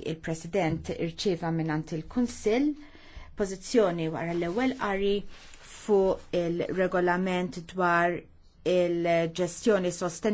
il-President irċieva minnant il-Kunsill pożizzjoni wara l-ewwel qari fuq il-regolament dwar il-ġestjoni sostenibli